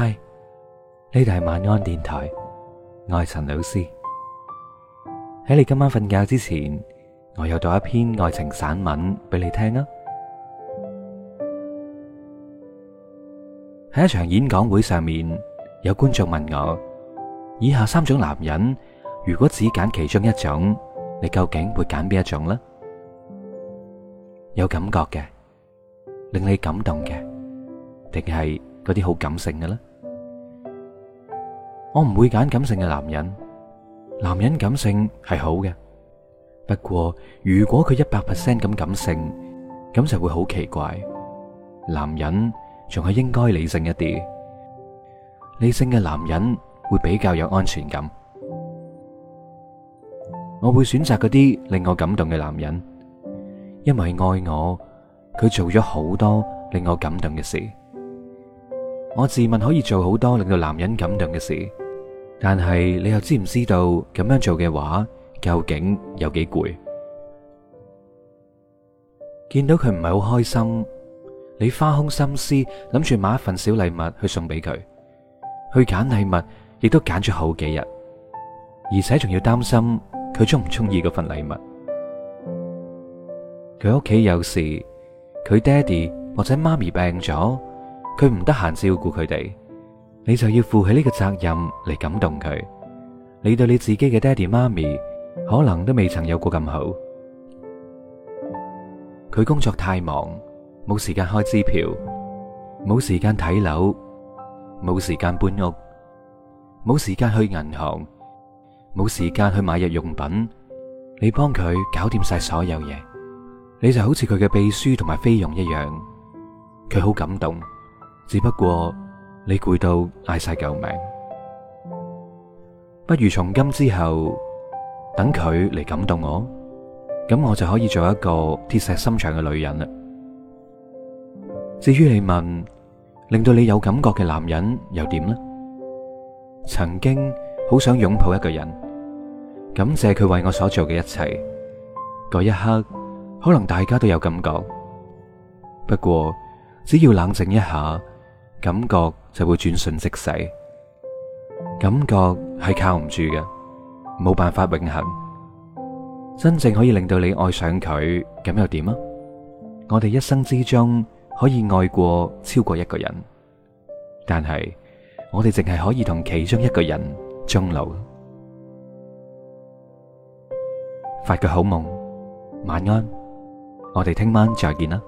嗨呢度係晚安電台，我係陳老師。喺你今晚瞓覺之前，我又讀一篇愛情散文俾你聽啊！喺一場演講會上面，有觀眾問我：以下三種男人，如果只揀其中一種，你究竟會揀邊一種呢？有感覺嘅，令你感動嘅，定係嗰啲好感性嘅呢？我唔會揀感性嘅男人，男人感性係好嘅，不過如果佢一百 percent 咁感性，咁就會好奇怪。男人仲係應該理性一啲，理性嘅男人會比較有安全感。我會選擇嗰啲令我感動嘅男人，因為愛我，佢做咗好多令我感動嘅事。我自問可以做好多令到男人感動嘅事。但係你又知唔知道咁樣做嘅話，究竟有幾攰？見到佢唔係好開心，你花空心思諗住買一份小禮物去送俾佢，去揀禮物亦都揀咗好幾日，而且仲要擔心佢中唔中意嗰份禮物。佢屋企有事，佢爹哋或者媽咪病咗，佢唔得閒照顧佢哋。你就要負起呢個責任嚟感動佢。你對你自己嘅爹哋媽咪，可能都未曾有過咁好。佢工作太忙，冇時間開支票，冇時間睇樓，冇時間搬屋，冇時間去銀行，冇時間去買日用品。你幫佢搞掂晒所有嘢，你就好似佢嘅秘書同埋菲傭一樣，佢好感動。只不過。你攰到嗌晒救命，不如從今之後等佢嚟感動我，咁我就可以做一個鐵石心腸嘅女人啦。至於你問令到你有感覺嘅男人又點呢？曾經好想擁抱一個人，感謝佢為我所做嘅一切。嗰一刻，可能大家都有感覺，不過只要冷靜一下，感覺就會轉瞬即逝，感覺係靠唔住嘅，冇辦法永恒。真正可以令到你愛上佢，咁又點啊？我哋一生之中可以愛過超過一個人，但係我哋淨係可以同其中一個人終老。發個好夢，晚安，我哋聽晚再見啦。